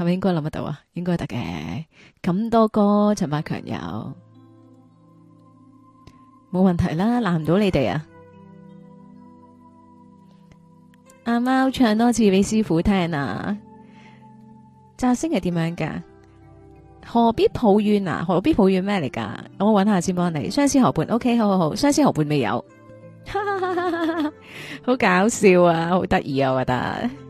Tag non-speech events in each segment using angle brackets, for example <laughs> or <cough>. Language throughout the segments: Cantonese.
係咪應該諗得到啊？應該得嘅。咁多歌，陳百強有，冇問題啦，難唔到你哋啊！阿貓唱多次俾師傅聽啊！炸聲係點樣噶？何必抱怨啊？何必抱怨咩嚟噶？我搵下先幫你。相思河畔，OK，好好好，相思河畔未有，哈哈哈哈哈，好搞笑啊！好得意啊，我覺得。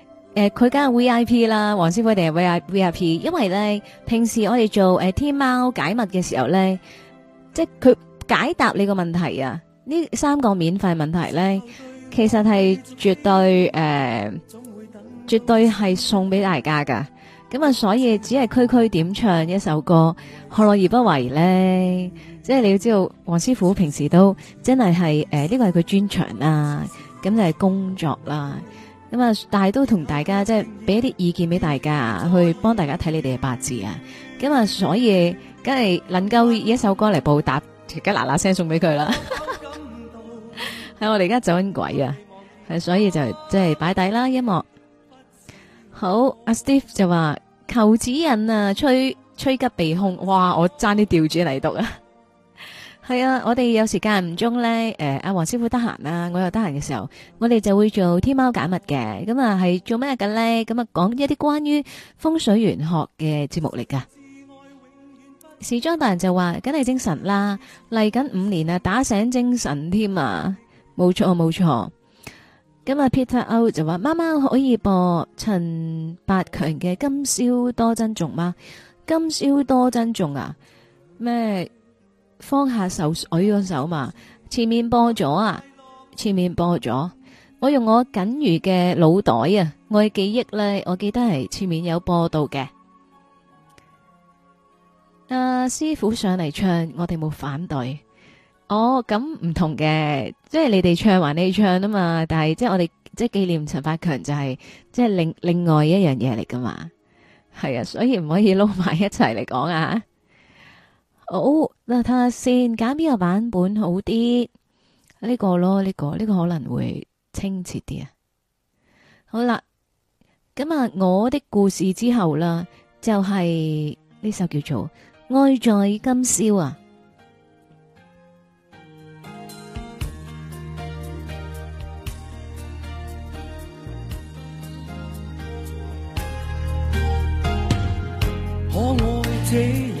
誒，佢梗係 VIP 啦，黃師傅一定係 VIP，VIP，因為咧平時我哋做誒天貓解密嘅時候咧，即係佢解答你個問題啊，呢三個免費問題咧，其實係絕對誒，絕對係送俾大家噶。咁啊，所以只係區區點唱一首歌，何樂而不為咧？即係你要知道，黃師傅平時都真係係誒，呢個係佢專長啦，咁就係工作啦。咁啊，但係都同大家即係俾一啲意見俾大家啊，去幫大家睇你哋嘅八字啊。咁啊，所以梗係能夠以一首歌嚟報答，而家嗱嗱聲送俾佢啦。係 <laughs> 我哋而家走緊鬼啊！係，所以就即係擺底啦，音樂。好，阿 Steve 就話求指引啊，吹吹吉被控。哇！我爭啲調轉嚟讀啊！係啊，我哋有時間唔中咧，誒，阿黃師傅得閒啦，我又得閒嘅時候，我哋就會做天貓解密嘅。咁啊係做咩嘅咧？咁啊講一啲關於風水玄學嘅節目嚟噶。時裝大人就話：梗係精神啦，嚟緊五年啊，打醒精神添啊！冇錯冇錯。咁啊 Peter O 就話：貓貓可以播陳百強嘅《今宵多珍重》嗎？《今宵多珍重》啊？咩？放下受水嘅手，舉個手嘛。前面播咗啊，前面播咗。我用我僅餘嘅腦袋啊，我嘅記憶咧，我記得係前面有播到嘅。啊，師傅上嚟唱，我哋冇反對。哦，咁唔同嘅，即係你哋唱還你唱啊嘛。但係即係我哋即係紀念陳百強，就係即係另另外一樣嘢嚟噶嘛。係啊，所以唔可以撈埋一齊嚟講啊。好，嗱睇下先，揀邊個版本好啲？呢個咯，呢個呢個可能會清澈啲啊。好啦，咁啊，我的故事之後啦，就係呢首叫做《愛在今宵》啊。可愛這。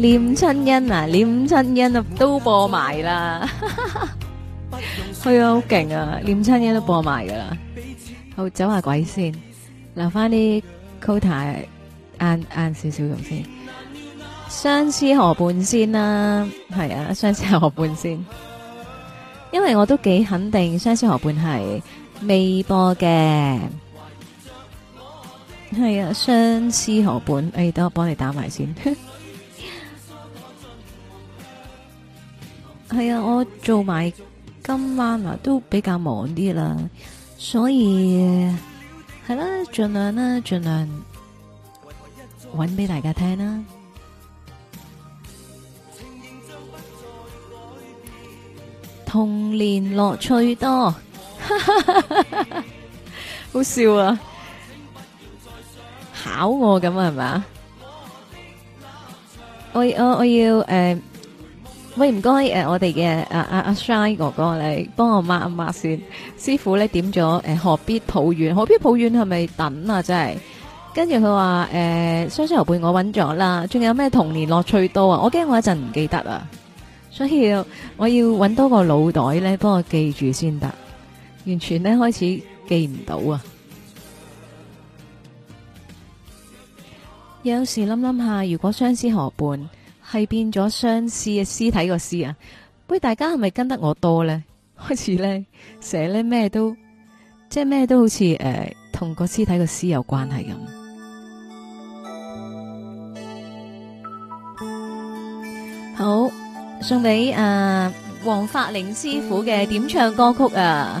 念親恩啊，念親恩啊，都播埋啦。係 <laughs> 啊，好勁啊，念親恩都播埋噶啦。好，走下鬼先，留翻啲 quota 晏晏少少用先。相思河畔先啦，係啊，相思河畔先。因為我都幾肯定，相思河畔係未播嘅。係啊，相思河畔，哎、欸，等我幫你打埋先。 <laughs> 係啊，我做埋今晚啊，都比較忙啲啦，所以係啦，盡量啦，盡量搵俾大家聽啦。童年樂趣多，好笑啊！考我咁啊，係嘛？我我我要誒。喂，唔該，誒、啊，我哋嘅阿阿阿 Shy 哥哥嚟幫我抹一抹先，師傅咧點咗誒、啊，何必抱怨？何必抱怨是是？係咪等啊？真係，跟住佢話誒，相思河畔我揾咗啦，仲有咩童年樂趣多啊？我驚我一陣唔記得啊，所以我要揾多個腦袋咧，幫我記住先得，完全咧開始記唔到啊！有時諗諗下，如果相思河畔。係變咗相似嘅屍體個屍啊！喂，大家係咪跟得我多咧？開始咧成日咧咩都，即係咩都好似誒同個屍體個屍有關係咁。好，送俾誒黃發玲師傅嘅點唱歌曲啊！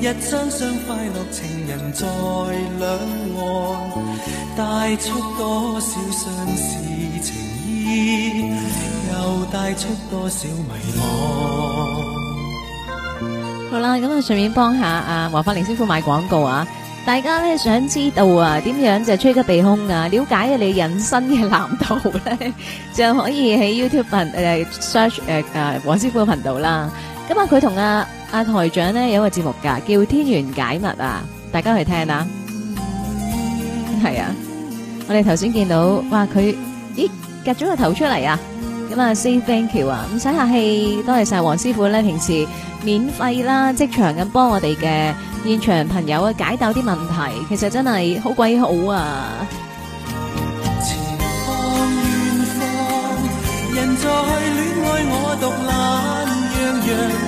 一雙雙快樂情人在兩岸，帶出多少相思情意又帶出多少迷惘、嗯、好啦，咁啊，順便幫下啊黃髮玲師傅賣廣告啊！大家咧想知道啊，點樣就趨吉避凶啊？了解你人生嘅藍圖咧， <laughs> 就可以喺 YouTube 誒、啊、search 誒啊黃師傅嘅頻道啦。咁啊，佢同啊。阿台長咧有個節目噶，叫《天元解密》啊，大家去聽啦。係啊，我哋頭先見到，哇，佢咦夾咗個頭出嚟啊！咁啊，Safe Ben 啊，唔使客氣，多謝晒黃師傅咧，平時免費啦，即場咁幫我哋嘅現場朋友啊解答啲問題，其實真係好鬼好啊！前方遠方，人在戀愛我，我獨懶洋洋。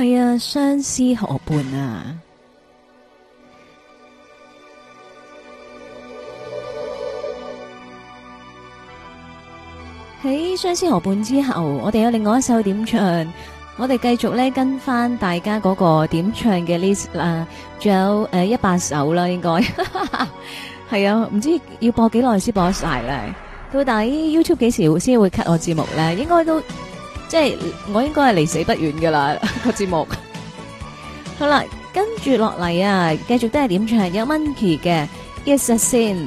係啊，相思河畔啊！喺、 <music> hey, 相思河畔之後，我哋有另外一首點唱，我哋繼續咧跟翻大家嗰、嗰個點唱嘅 list 啦，仲有誒一百首啦，應該係啊，唔 <laughs> 知要播幾耐先播晒咧，到底 YouTube 幾時先會 cut 我節目咧？應該都。即係我應該係離死不遠㗎喇，個節目， <laughs> <laughs> 好啦，跟住落嚟啊，繼續都係點唱有 monkey 嘅《 <music> Yes or n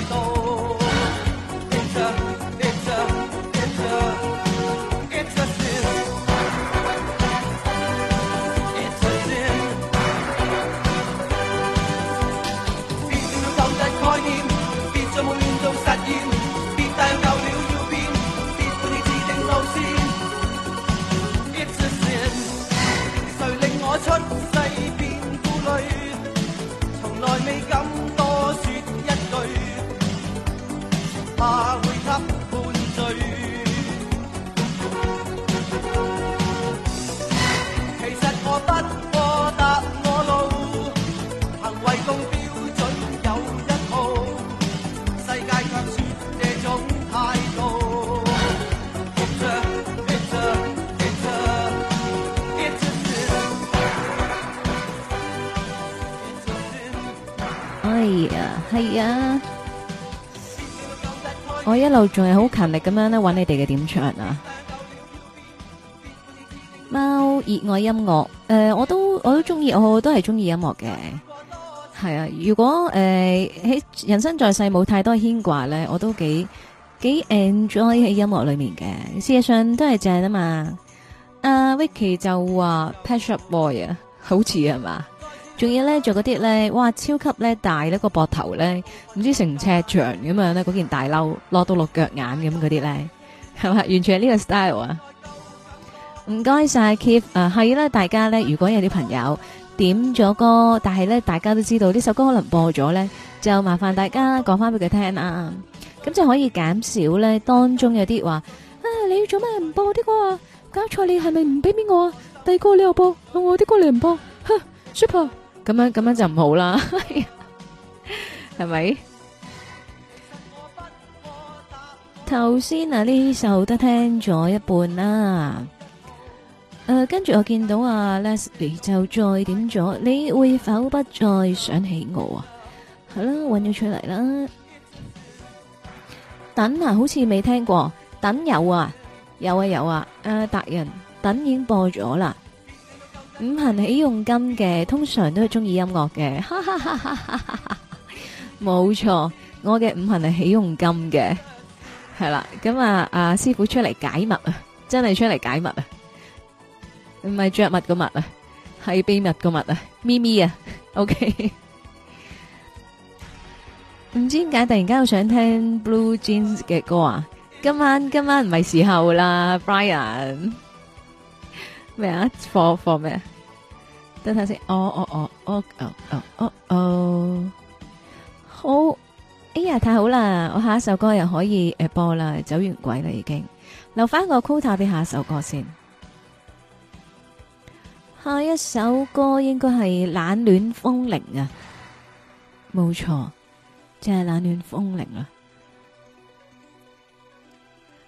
啊，我一路仲係好勤力咁樣咧揾你哋嘅點唱啊。貓熱愛音樂，誒、呃，我都我都中意，我都係中意音樂嘅。係啊，如果誒喺、呃、人生在世冇太多牽掛咧，我都幾幾 enjoy 喺音樂裏面嘅。事實上都係正啊嘛。阿 Vicky 就話 Pet Shop Boy 啊，boy 好似係嘛。仲要咧做嗰啲咧，哇，超級咧大咧、個膊頭咧，唔知成尺長咁樣咧，嗰件大褸落到落腳眼咁嗰啲咧，係嘛？完全係呢個 style 啊！唔該晒 Keith，啊係啦，大家咧如果有啲朋友點咗歌，但係咧大家都知道呢首歌可能播咗咧，就麻煩大家講翻俾佢聽啊，咁就可以減少咧當中有啲話啊你做咩唔播啲歌啊？搞錯你係咪唔俾面我啊？第二個你又播，我啲歌你唔播，呵 Super。咁樣咁樣就唔好啦，係咪？頭先啊，呢首都聽咗一半啦。誒，跟住我見到啊，Leslie 就再點咗，你會否不再想起我啊？好啦，揾咗出嚟啦。等啊，好似未聽過。等有啊，有啊有啊。誒，達人，等已經播咗啦。五行喜用金嘅，通常都係中意音樂嘅，冇錯。我嘅五行係喜用金嘅，係啦。咁啊啊，師傅出嚟解密啊，真係出嚟解密啊，唔係着物嘅物啊，係秘密嘅密啊，咪咪啊，OK。唔知點解突然間我想聽 Blue Jeans 嘅歌啊，今晚今晚唔係時候啦，Brian。咩啊？For for 咩啊？等下先，哦哦哦哦哦哦哦，好，哎呀，太好啦！我下一首歌又可以誒播啦，走完鬼啦已經，留翻個 quota 俾下一首歌先。下一首歌應該係冷暖風鈴啊，冇錯，即係冷暖風鈴啦。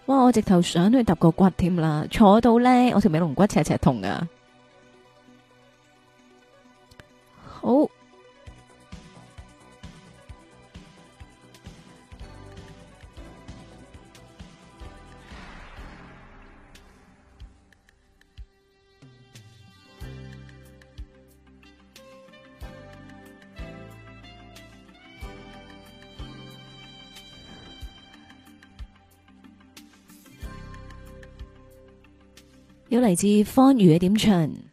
哇，我直頭想去揼個骨添啦，坐到咧，我條尾龍骨赤赤痛啊！哦，oh。有嚟自方宇嘅點唱。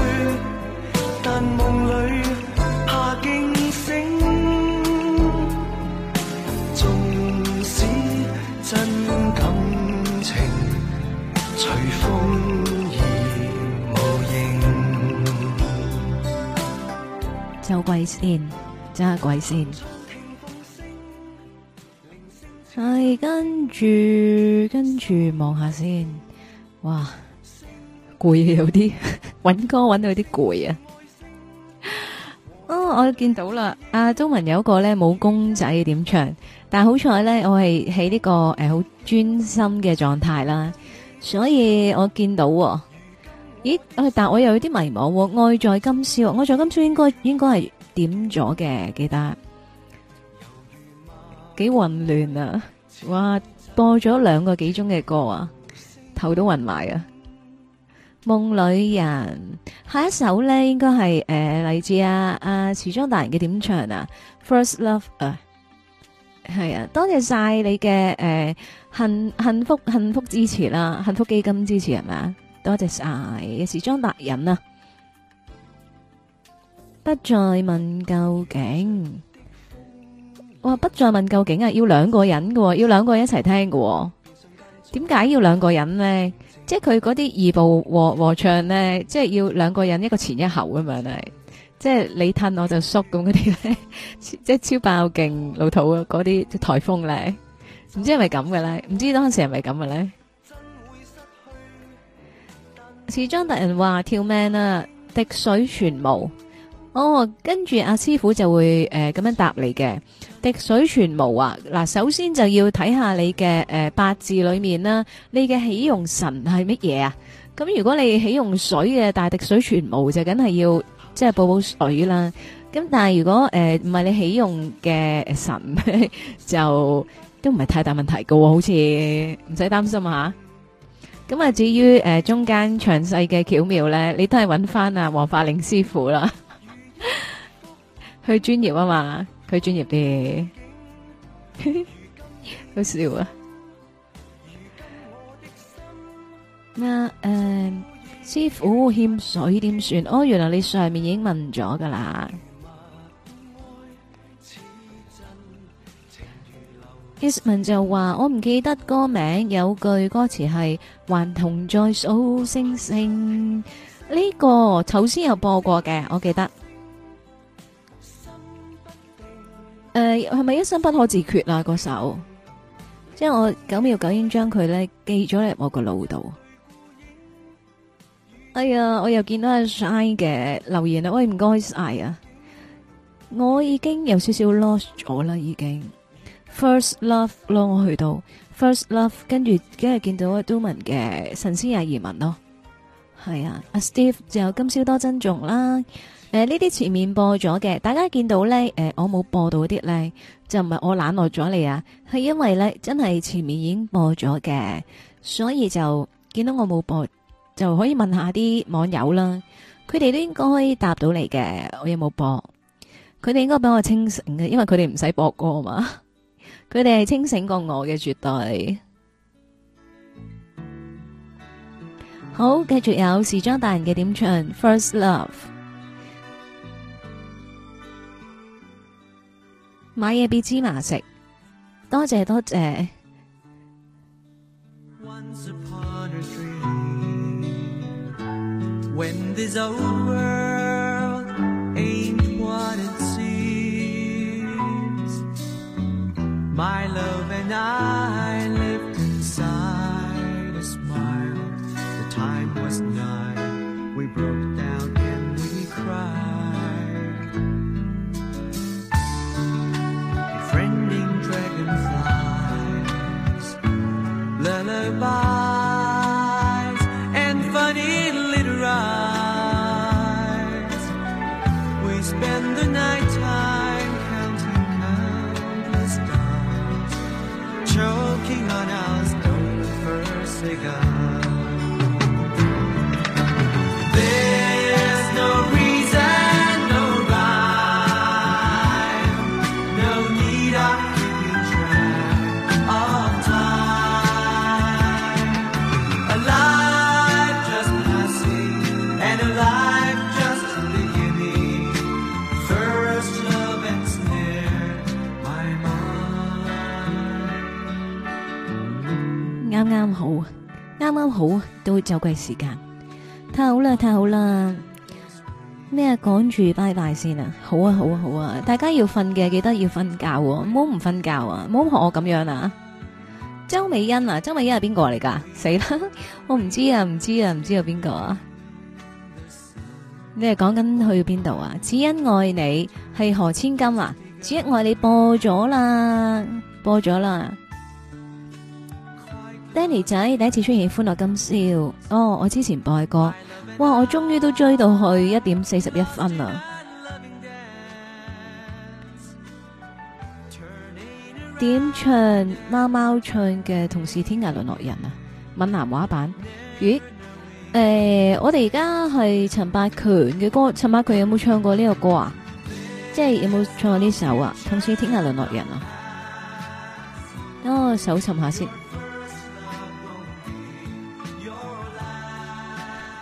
鬼綫真係鬼綫，係跟住跟住望下先。哇，攰，有啲搵歌搵到有啲攰啊！哦，我見到啦，阿中文有個咧冇公仔點唱，但係好彩咧，我係喺呢個誒好專心嘅狀態啦，所以我見到咦，但係我又有啲迷茫，愛在今宵，愛在今宵應該應該係。點咗嘅記得，幾混亂啊！哇，播咗兩個幾鐘嘅歌啊，頭都暈埋啊！夢裏人，下一首咧應該係誒，嚟自阿阿時裝達人嘅點唱啊，First Love 啊，係啊，多謝晒你嘅誒，幸幸福幸福支持啦，幸福基金支持係嘛？多謝晒時裝達人啊！不再問究竟，哇，不再問究竟啊！要兩個人嘅、哦，要兩個人一齊聽嘅、哦。點解要兩個人呢？即係佢嗰啲二部和和唱呢，即係要兩個人一個前一後咁嘛，即係你吞我就縮咁嗰啲咧，即係超爆勁老土嗰啲台風咧，唔知係咪咁嘅咧？唔知當時係咪咁嘅咧？真會失去！時裝達人話跳命啦、啊，滴水全無。哦，跟住阿師傅就會誒咁、呃、樣答你嘅滴水全無啊！嗱，首先就要睇下你嘅誒、呃、八字裏面啦，你嘅喜用神係乜嘢啊？咁如果你喜用水嘅大滴水全無就梗係要即係補補水啦。咁但係如果誒唔係你喜用嘅神 <laughs> 就都唔係太大問題㗎喎、哦，好似唔使擔心啊。咁啊，至於誒、呃、中間詳細嘅巧妙咧，你都係揾翻阿黃法令師傅啦。佢專 <laughs> 業啊嘛，佢專業啲， <laughs> 好笑啊那。那、呃、誒，師傅欠水點算？哦，原來你上面已經問咗㗎喇。Kiss 文就話我唔記得歌名，有句歌詞係還同在數星星呢個頭先有播過嘅，我記得。誒，係咪、呃、一生不可自決啊？嗰首，即係我九秒九英將佢咧記咗入我個腦度。哎呀，我又見到阿 Shine 嘅留言啦，喂，唔該晒啊！我已經有少少 lost 咗啦，已經。First love 咯，我去到。First love，跟住今日見到阿 Do 文嘅神仙也移民咯。係啊，阿 Steve，就有今宵多珍重啦。誒，呢啲、呃、前面播咗嘅，大家見到咧，誒、呃，我冇播到啲咧，就唔係我冷落咗你啊，係因為咧真係前面已經播咗嘅，所以就見到我冇播，就可以問一下啲網友啦，佢哋都應該答到你嘅，我有冇播？佢哋應該俾我清醒嘅，因為佢哋唔使播歌嘛，佢哋係清醒過我嘅，絕對。好，繼續有時裝大人嘅點唱《 <music> First Love》。買嘢俾芝麻食，多謝多謝。好，都會走鬼時間，太好啦，太好啦！咩？趕住拜拜先啊！好啊，好啊，好啊！大家要瞓嘅記得要瞓覺，唔好唔瞓覺啊！唔好學我咁樣啊！周美欣啊，周美欣係邊個嚟噶？死啦！我唔知啊，唔知啊，唔知有邊個啊？你係講緊去邊度啊？只因愛你係何千金啊？只因愛你播咗啦，播咗啦。Danny 仔第一次出現《歡樂今宵》哦，我之前播過，哇、wow,！我終於都追到去一點四十一分啦。點 <music> 唱貓貓唱嘅《同是天涯淪落人》啊？閩南話版？咦？誒、uh,，我哋而家係陳百強嘅歌，陳百強有冇唱過呢個歌啊？This 即係有冇唱過呢首 This 啊？《同是天涯淪落人》啊？等我搜尋下先。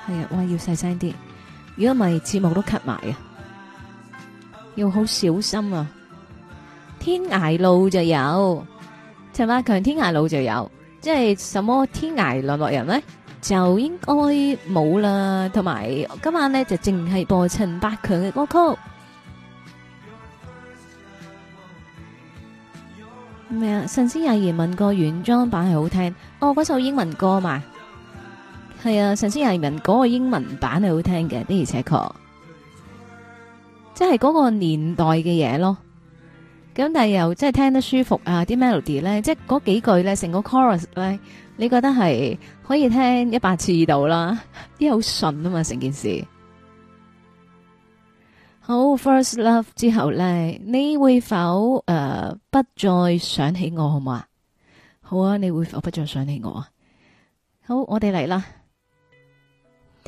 係啊，我、哎、要細聲啲，如果唔係節目都咳埋啊，要好小心啊！天涯路就有陳百強《天涯路》就有，即係什麼天涯淪落人咧，就應該冇啦。同埋今晚咧就淨係播陳百強嘅歌曲。咩啊？神仙阿爺問過原裝版係好聽，哦，嗰首英文歌嘛。係啊，神仙也移民嗰個英文版係好聽嘅，的而且確，即係嗰個年代嘅嘢咯。咁但係又即係聽得舒服啊，啲 melody 咧，即係嗰幾句咧，成個 chorus 咧，你覺得係可以聽一百次到啦，啲好順啊嘛，成件事。好，first love 之後咧，你會否誒、uh，不再想起我？好唔好啊？好啊，你會否不再想起我啊？好，我哋嚟啦。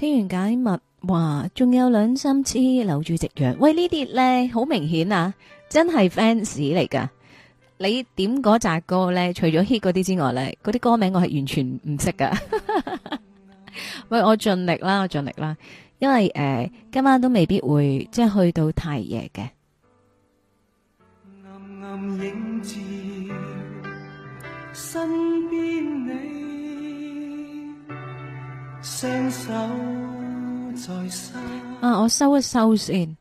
聽完解密，哇，仲有兩三次留住夕陽，喂，呢啲咧好明顯啊，真係 fans 嚟噶。你點嗰扎歌咧？除咗 hit 嗰啲之外咧，嗰啲歌名我係完全唔識噶。喂，我盡力啦，我盡力啦，因為誒今晚都未必會即係去到太夜嘅。雙手在啊！我收一收先，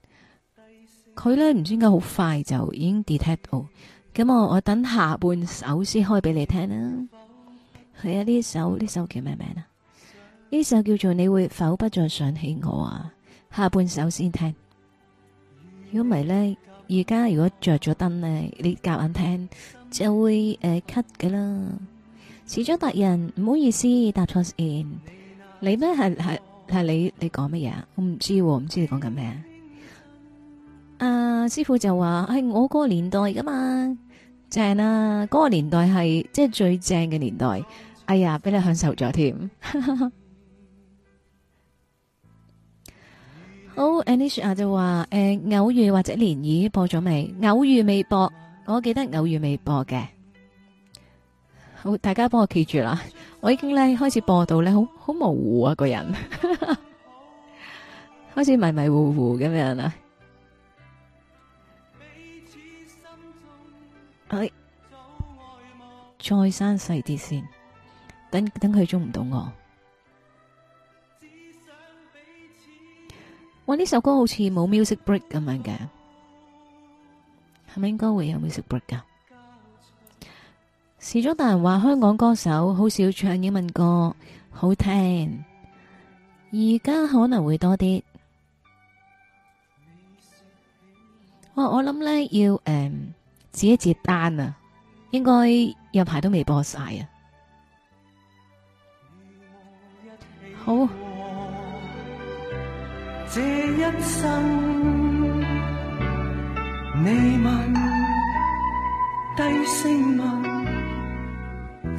佢咧唔知點解好快就已經 detect 到。咁我我等下半首先開俾你聽啦。係啊，呢首呢首叫咩名啊？呢首叫做你會否不再想起我啊？下半首先聽，呢如果唔係咧，而家如果着咗燈咧，你夾硬聽就會誒 cut 噶啦。始終達人唔好意思，答錯線。你咩係係係你？你講乜嘢？我唔知，唔知你講緊咩？啊！師傅就話係我個年代噶嘛，正啊！嗰、個年代係即係最正嘅年代。哎呀，俾你享受咗添。好，Anisha 就話誒、呃，偶遇或者漣漪播咗未？偶遇未播？我記得偶遇未播嘅。好，大家幫我記住啦。我已經咧，開始播到咧，好好模糊啊個人，開始迷迷糊糊咁樣啊！哎，再刪細啲先，等等佢捉唔到我。我呢首歌好似冇 music break 咁樣嘅，係咪應該會有 music break 噶。始終大人話：香港歌手好少唱英文歌，好聽。而家可能會多啲。我我諗呢要誒、嗯、指一指單啊，應該有排都未播晒啊。好。這一生，你問，低聲問。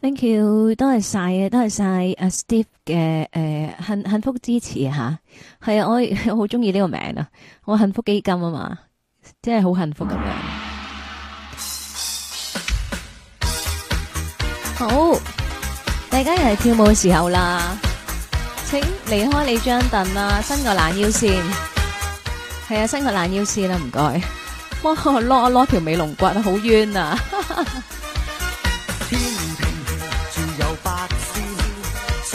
Thank you，都係晒嘅，都係晒阿 Steve 嘅誒幸幸福支持吓。係啊，我我好中意呢個名啊，我幸福基金啊嘛，即係好幸福咁樣。好，大家又係跳舞嘅時候啦，請離開你張凳啦，伸個懶腰先。係啊，伸個懶腰先啦，唔該。哇，攞攞條尾龍骨啊，好冤啊！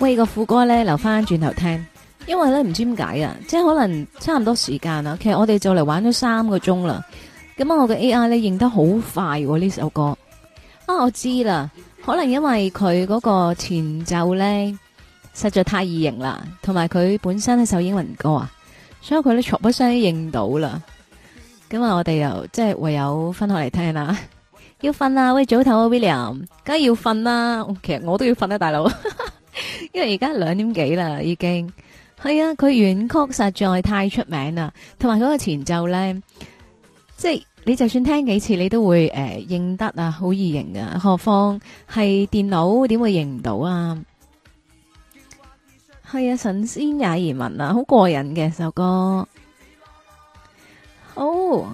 喂，個副歌咧，留翻轉頭聽，因為咧唔知點解啊，即係可能差唔多時間啦。其實我哋就嚟玩咗三個鐘啦。咁啊，我嘅 A. I. 咧，認得好快呢首歌啊，我知啦。可能因為佢嗰個前奏咧實在太易認啦，同埋佢本身係首英文歌啊，所以佢咧從不識認到啦。咁啊，我哋又即係唯有分開嚟聽啦，啊。要瞓啦，啊，喂早唞，啊，William 梗係要瞓啦，啊。其實我都要瞓啦，啊，大佬。因為而家兩點幾啦，已經係啊，佢原曲實在太出名啦，同埋佢個前奏呢，即係你就算聽幾次，你都會誒、呃、認得啊，好易認啊。何況係電腦，點會認唔到啊？係啊，神仙也移民啊，好過癮嘅首歌。好，唔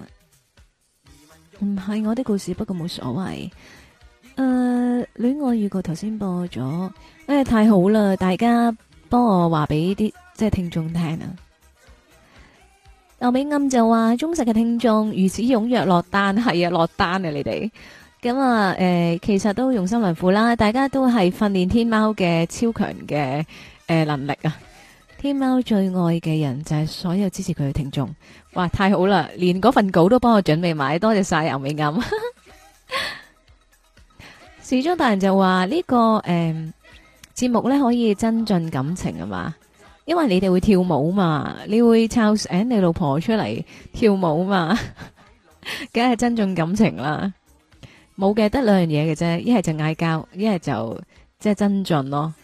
係我啲故事，不過冇所謂。誒，戀、呃、愛預告頭先播咗，誒、欸、太好啦！大家幫我話俾啲即係聽眾聽啊。牛美暗就話忠實嘅聽眾如此踴躍落單，係啊，落單啊你哋，咁啊誒，其實都用心良苦啦，大家都係訓練天貓嘅超強嘅誒能力啊。天貓最愛嘅人就係所有支持佢嘅聽眾，哇太好啦！連嗰份稿都幫我準備埋，多謝晒牛美暗。 <laughs> 始終大人就話、這個欸、呢個誒節目咧可以增進感情啊嘛，因為你哋會跳舞嘛，你會抄請你老婆出嚟跳舞嘛，梗係增進感情啦。冇嘅，得兩樣嘢嘅啫，一係就嗌交，一係就即係增進咯。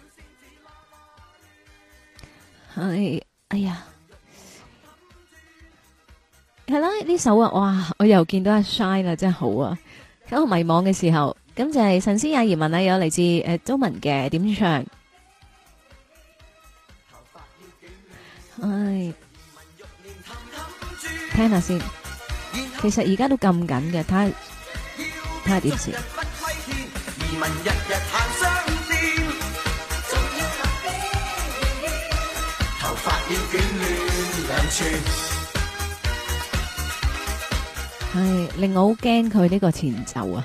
係，哎呀，係啦，呢首啊，哇，我又見到阿 Shine 啦，真係好啊！喺我迷茫嘅時候。咁就係神仙阿怡問啦，有嚟自誒中文嘅點唱？唉，聽下先。其實而家都撳緊嘅，睇下睇下點先。頭髮要捲亂兩寸，唉，令我好驚佢呢個前奏啊！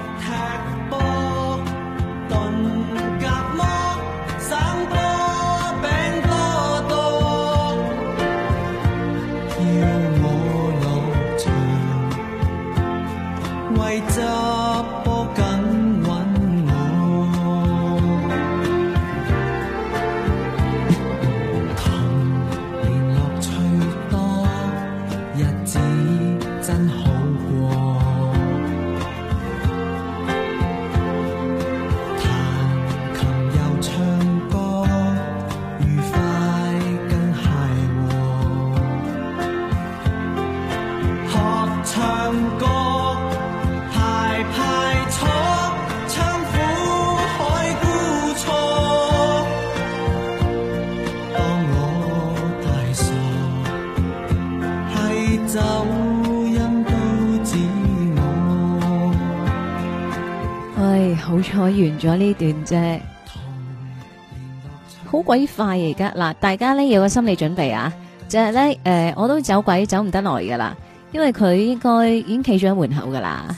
咗呢段啫，好鬼快而家嗱，大家呢有個心理準備啊，就係、是、呢，誒、呃，我都走鬼走唔得耐噶啦，因為佢應該已經企咗喺門口噶啦。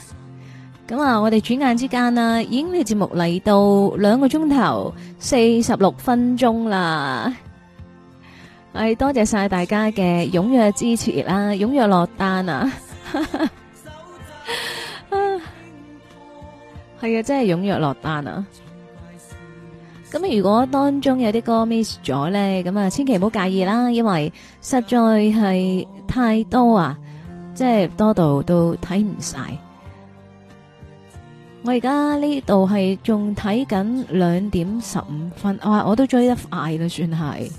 咁啊，我哋轉眼之間啊，已經呢節目嚟到兩個鐘頭四十六分鐘啦。係多謝晒大家嘅踴躍支持啦、啊，踴躍落單啊！ <laughs> 係啊，真係踊躍落單啊！咁如果當中有啲歌 miss 咗咧，咁啊，千祈唔好介意啦，因為實在係太多啊，即係多到都睇唔晒。我而家呢度係仲睇緊兩點十五分，哇！我都追得快啦，算係，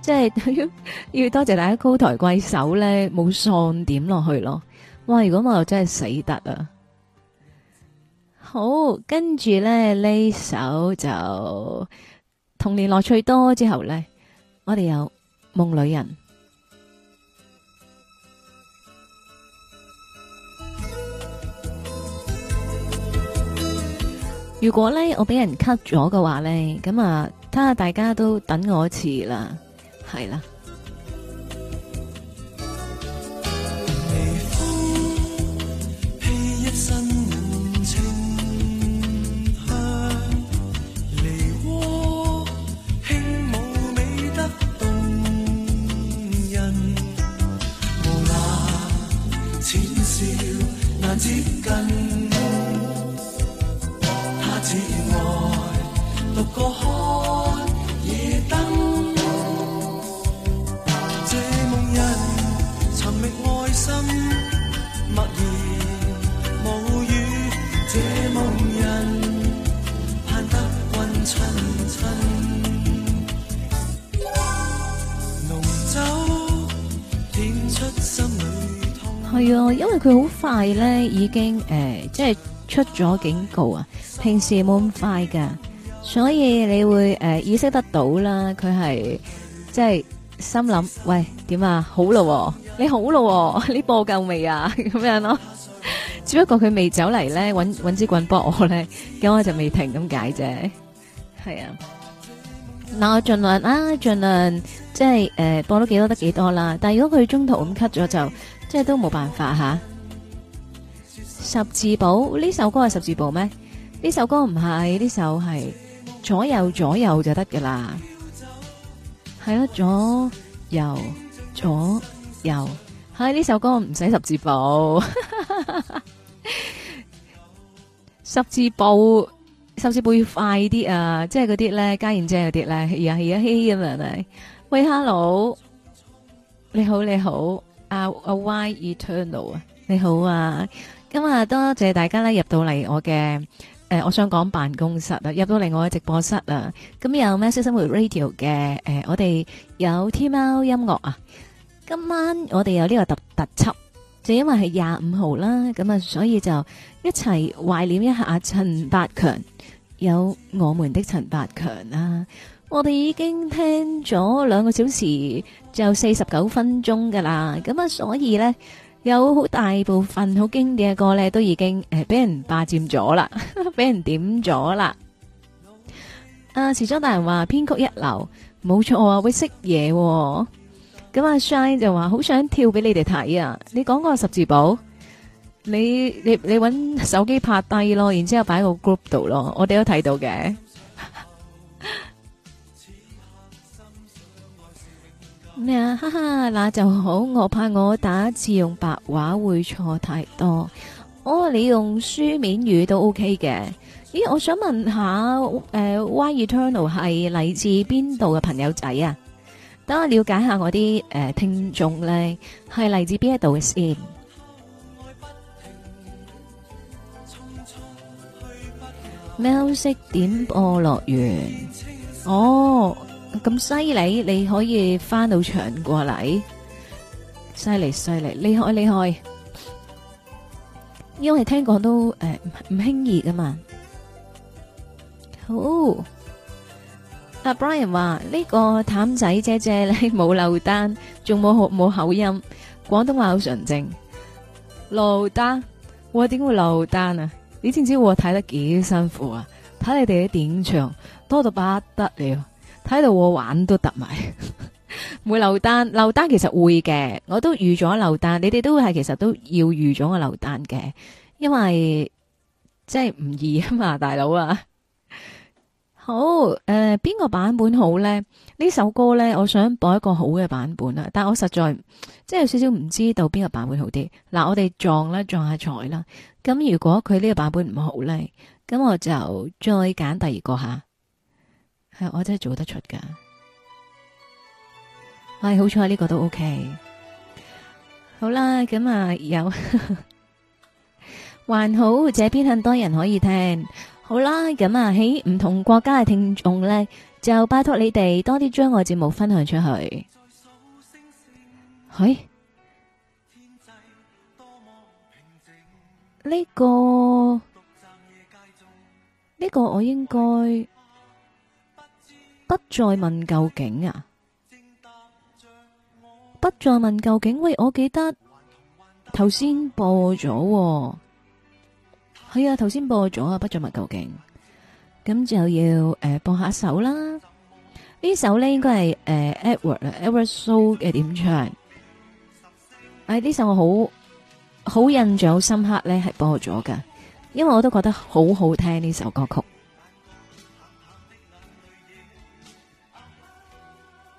即係 <laughs> 要多謝大家高抬貴手咧，冇喪點落去咯。哇！如果我又真係死得啊！好，跟住咧呢首就童年樂趣多，之後咧，我哋有夢裏人。如果咧我俾人 cut 咗嘅話咧，咁啊，睇下大家都等我一次啦，係啦。佢好快咧，已經誒、呃，即係出咗警告啊！平時冇咁快噶，所以你會誒、呃、意識得到啦。佢係即係心諗，喂，點啊？好喎、哦，你好啦、哦，你播夠未啊？咁樣咯。 <laughs> 只不過佢未走嚟咧，搵搵支棍幫我咧，咁我就未停咁解啫。係啊，嗱、啊，我盡量啦，盡量即係誒、呃，播咗幾多得幾多啦。但係如果佢中途咁 cut 咗，就即係都冇辦法吓、啊。十字步呢首歌係十字步咩？呢首歌唔係，呢首係左右左右就得噶啦。係啊，左右左右，係呢首歌唔使十字步。 <laughs> 十字步，十字步要快啲啊！即係嗰啲咧，家燕姐嗰啲咧，啊，係啊，嘿咁樣嚟。喂，hello，你好你好，阿阿 Y Eternal 啊，你好啊。咁啊，多謝大家咧入到嚟我嘅誒、呃，我想講辦公室啊，入到嚟我嘅直播室啊。咁有喵式生活 radio 嘅誒、呃，我哋有天喵音樂啊。今晚我哋有呢個特特輯，就因為係廿五號啦，咁啊，所以就一齊懷念一下陳百強，有我們的陳百強啊。我哋已經聽咗兩個小時就，就四十九分鐘噶啦，咁啊，所以呢。有好大部分好經典嘅歌咧，都已經誒俾人霸佔咗啦，俾 <laughs> 人點咗啦。啊，時裝大人話編曲一流，冇錯啊，會識嘢。咁、啊、阿 shine 就話好想跳俾你哋睇啊，你講個十字寶，你你你揾手機拍低咯，然之後擺喺個 group 度咯，我哋都睇到嘅。咩啊，哈哈， <music> 那就好。我怕我打字用白話會錯太多。哦，你用書面語都 O K 嘅。咦，我想問下，誒、呃、，Why Eternal 係嚟自邊度嘅朋友仔啊？等我了解下我啲誒、呃、聽眾咧，係嚟自邊一度嘅先。喵式 <music> 點播樂園，哦。咁犀利，你可以翻到場過嚟，犀利犀利，厲害厲害。因為聽講都誒唔輕易噶嘛。好阿 Brian 話呢、這個譚仔姐姐你冇漏單，仲冇冇口音，廣東話好純正。漏單我點會漏單啊？你知唔知道我睇得幾辛苦啊？睇你哋啲電影場多到不得了。睇到我玩都得埋，會 <laughs> 留單，留單其實會嘅，我都預咗留單，你哋都係其實都要預咗我留單嘅，因為即係唔易啊嘛，大佬啊！ <laughs> 好，誒、呃、邊個版本好咧？呢首歌咧，我想播一個好嘅版本啦，但我實在即係有少少唔知道邊個版本好啲。嗱，我哋撞啦，撞下彩啦，咁如果佢呢個版本唔好咧，咁我就再揀第二個吓。啊係，我真係做得出噶。喂，好彩呢個都 OK。好啦，咁啊有還好，這邊很多人可以聽。好啦，咁啊喺唔同國家嘅聽眾呢，就拜託你哋多啲將我節目分享出去。係，呢個呢個我應該。不再問究竟啊！不再問究竟，喂，我記得頭先播咗，係啊，頭先播咗啊！不再問究竟，咁就要誒播下一首啦。呢首咧應該係誒 Edward Edward Shaw 嘅點唱，哎，呢首我好好印象好深刻咧，係播咗噶，因為我都覺得好好聽呢首歌曲。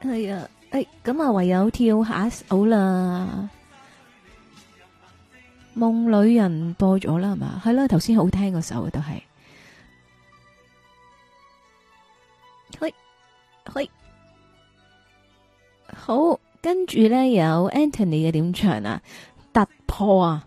係啊，誒、哎，咁、哎、啊唯有跳下一首啦，《夢裏人》播咗啦，係嘛，係啦，頭先好聽嗰首都係，開開，好，跟住咧有 Anthony 嘅點唱啊，突破啊！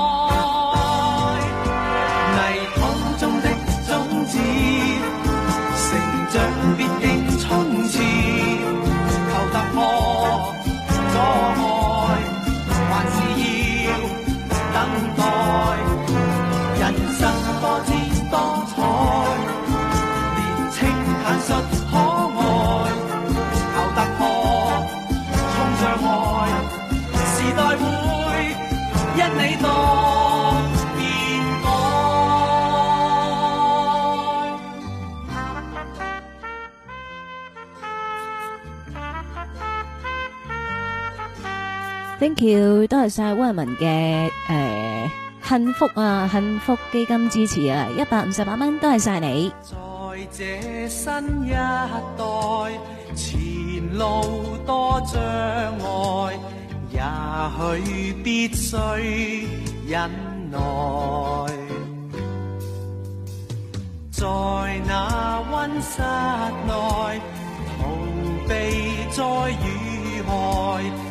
Thank you，多謝晒溫文嘅，誒，幸福啊，幸福基金支持啊，一百五十八蚊，多謝晒你。在這新一代，前路多障礙，也許必須忍耐，在那溫室內，逃避災與害。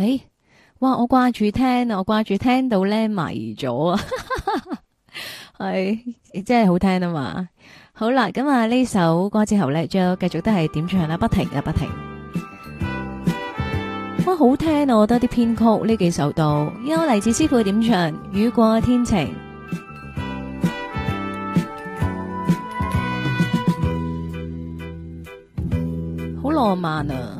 誒、哎，哇！我掛住聽啊，我掛住聽到咧迷咗啊，係、 <laughs> 哎、真係好聽啊嘛！好啦，咁啊呢首歌之後咧，就繼續都係點唱啦，啊，不停啊不停。哇，好聽啊！啊我覺得啲編曲呢幾首都，又嚟自師傅點唱《雨過天晴》，好浪漫啊！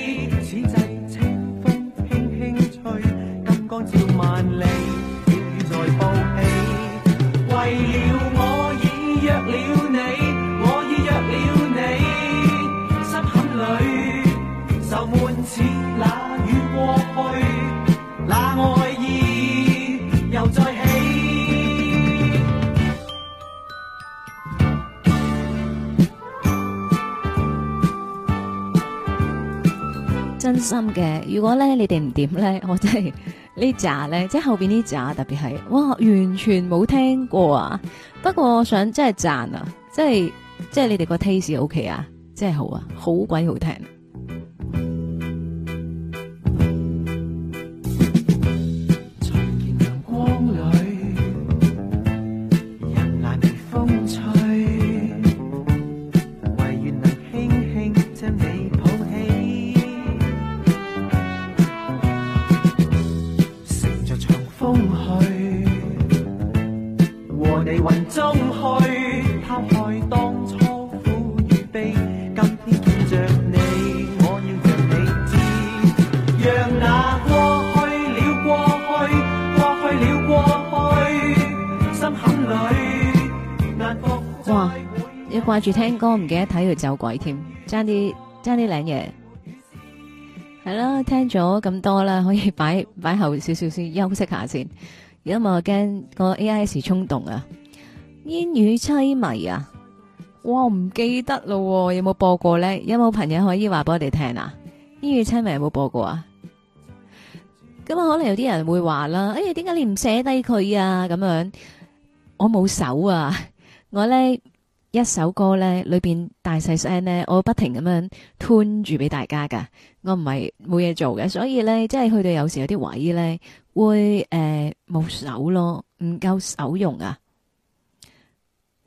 心嘅，如果咧你哋唔點咧，我真係呢扎咧，即係後邊呢扎，特別係哇，完全冇聽過啊！不過我想真係讚啊，即係即係你哋個 taste OK 啊，真係好啊，好鬼好聽啊。住聽歌，唔記得睇佢走鬼添，爭啲爭啲靚嘢，係啦，聽咗咁多啦，可以擺擺後少少先休息下先。而家我驚個 AI 時衝動啊？煙雨淒迷啊！哇，我唔記得喎，有冇播過咧？有冇朋友可以話俾我哋聽啊？煙雨淒迷有冇播過啊？咁啊，可能有啲人會話啦，哎，點解你唔寫低佢啊？咁樣，我冇手啊，我咧。一首歌咧，裏邊大細聲咧，我不停咁樣吞住俾大家噶。我唔係冇嘢做嘅，所以咧，即係去到有時有啲位咧會誒冇、呃、手咯，唔夠手用啊。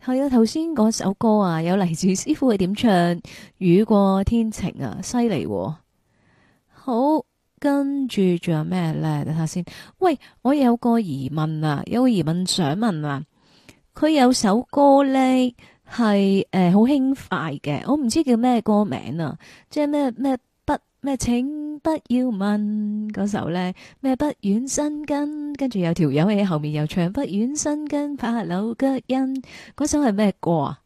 係啊，頭先嗰首歌啊，有黎智師傅會點唱《雨過天晴》啊，犀利、啊。好，跟住仲有咩咧？等下先。喂，我有個疑問啊，有個疑問想問啊。佢有首歌咧。係誒，好輕、呃、快嘅，我唔知叫咩歌名啊，即係咩咩不咩，請不要問嗰首咧，咩不遠身根，跟住有條友喺後面又唱不遠身跟」恩。根怕老腳印，嗰首係咩歌啊？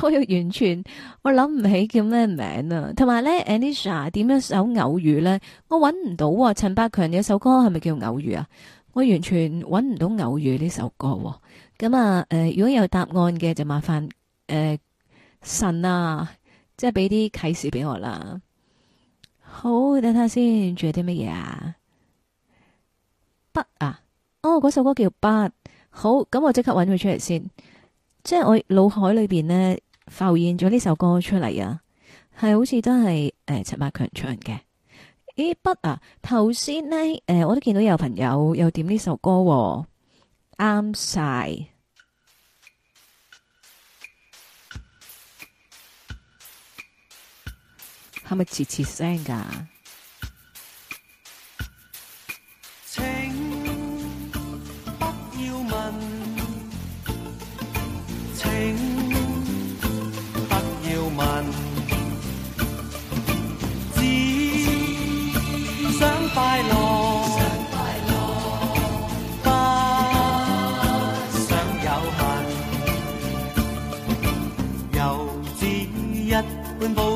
我又完全我諗唔起叫咩名啊。同埋咧，Anisha 點樣首偶遇咧，我搵唔到喎，陳百強有首歌係咪叫偶遇啊？我完全搵唔到偶遇呢首歌、喎。咁啊，誒、呃，如果有答案嘅就麻煩。誒、呃，神啊，即係俾啲啟示俾我啦。好，等睇下先，仲有啲乜嘢啊？不啊，哦，嗰首歌叫不。好，咁我即刻揾佢出嚟先。即係我腦海裏邊呢，浮現咗呢首歌出嚟、呃欸、啊，係好似都係誒陳百強唱嘅。咦，不啊，頭先呢，誒、呃，我都見到有朋友又點呢首歌喎、啊，啱晒。係咪切切聲噶？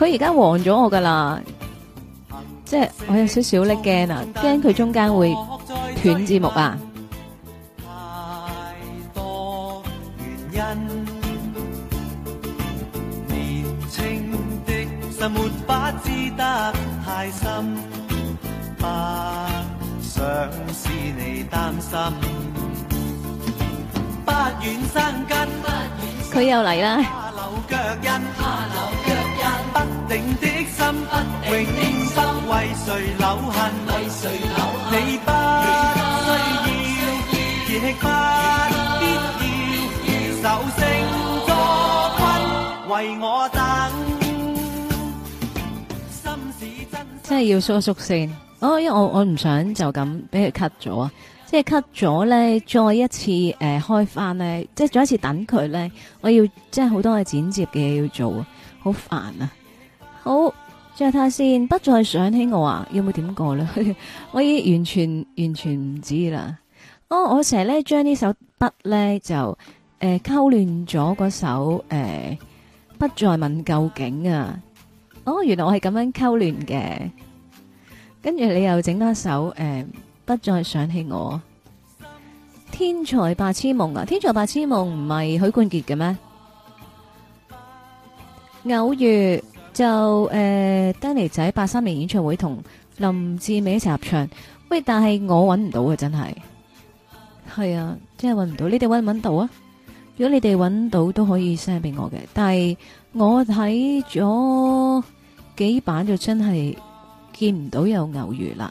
佢而家黃咗我㗎喇，即係我有少少搦驚啊，驚佢中間會斷字幕啊！太多原因，年青的心沒法知得太深，不想使你擔心，不染山根。佢又嚟啦！不定的心不定的心為誰，真係要縮縮先哦，因為我我唔想就咁俾佢 cut 咗啊！即係 cut 咗咧，再一次誒、呃、開翻咧，即係再一次等佢咧，我要即係好多嘅剪接嘅嘢要做煩啊，好煩啊！好，再睇下先。不再想起我啊，有冇點過咧？ <laughs> 我已完全完全唔知啦。哦，我成日咧將呢，首，筆呢就、呃、首《不》咧就誒勾亂咗嗰首誒《不再問究竟》啊。哦，原來我係咁樣勾亂嘅。跟住你又整多一首誒、呃《不再想起我》。天才白痴夢啊！天才白痴夢唔係許冠傑嘅咩？偶遇。就誒，Danny 仔八三年演唱會同林志美一齊合唱。喂，但係我揾唔到呀，真係。係啊，真係揾唔到。你哋揾唔揾到啊？如果你哋揾到，都可以 send 俾我嘅。但係我睇咗幾版，就真係見唔到有牛魚啦。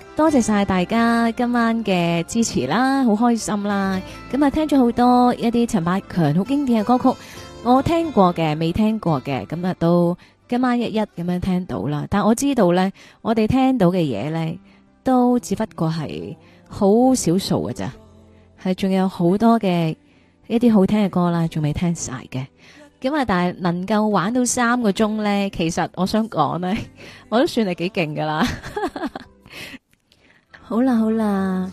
多謝晒大家今晚嘅支持啦，好開心啦！咁啊，聽咗好多一啲陳百強好經典嘅歌曲，我聽過嘅，未聽過嘅，咁啊，都今晚一一咁樣聽到啦。但我知道呢，我哋聽到嘅嘢呢，都只不過係好少數嘅咋，係仲有好多嘅一啲好聽嘅歌啦，仲未聽晒嘅。咁啊，但係能夠玩到三個鐘呢，其實我想講呢，我都算係幾勁噶啦。 <laughs> 好啦好啦，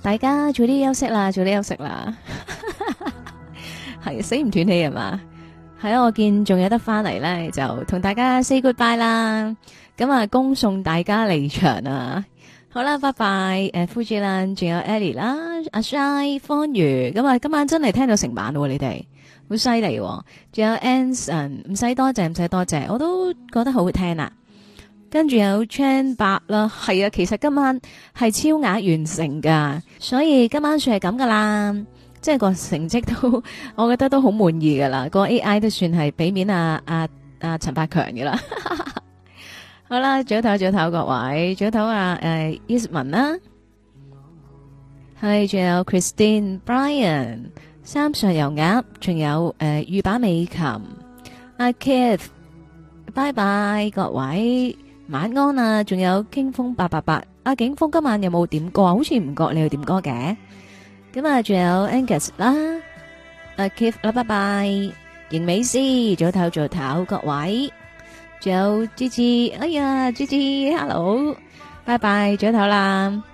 大家早啲休息啦，早啲休息啦，係 <laughs> 死唔斷氣係嘛？係啊我見仲有得翻嚟咧，就同大家 say goodbye 啦，咁啊恭送大家離場啊，好啦，拜拜，誒、呃，富住啦，仲有 Ellie 啦，阿 Shy 方如，咁啊今晚真係聽到成晚咯、啊、你哋，好犀利，仲有 Anson，唔使多謝唔使多謝，我都覺得好聽啦。跟住有 chain 八啦，係啊，其實今晚係超額完成噶，所以今晚算係咁噶啦，即係個成績都，我覺得都好滿意噶啦，個 AI 都算係俾面阿阿阿陳百強噶啦。 <laughs> 好啦，早唞早唞各位，早唞啊，誒 Isman 啦、啊，係，仲有 Christine Brian 三上油鴨，仲有誒，欲、啊、把美琴，阿、啊、Keith，拜拜各位。晚安啊！仲有傾風八八八，阿、啊、景峰今晚有冇點歌啊？好似唔覺你會點歌嘅。咁啊，仲有 Angus 啦、哎，阿 Kif 啦，拜拜。邢美詩，早唞早唞，各位。仲有芝芝，哎呀，芝芝，hello，拜拜，早唞啦。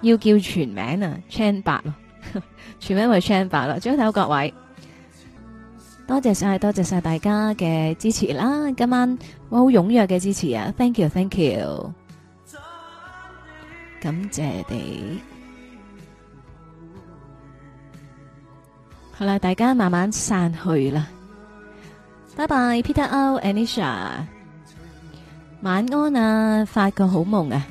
要叫全名啊，Chan 八咯， <laughs> 全名為 Chan 八啦，早唞各位。多謝晒，多謝晒大家嘅支持啦！今晚我好踴躍嘅支持啊，thank you，thank you，thank you 感謝你。好啦，大家慢慢散去啦，拜拜，Peter，Anisha，晚安啊，發個好夢啊！